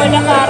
Dakar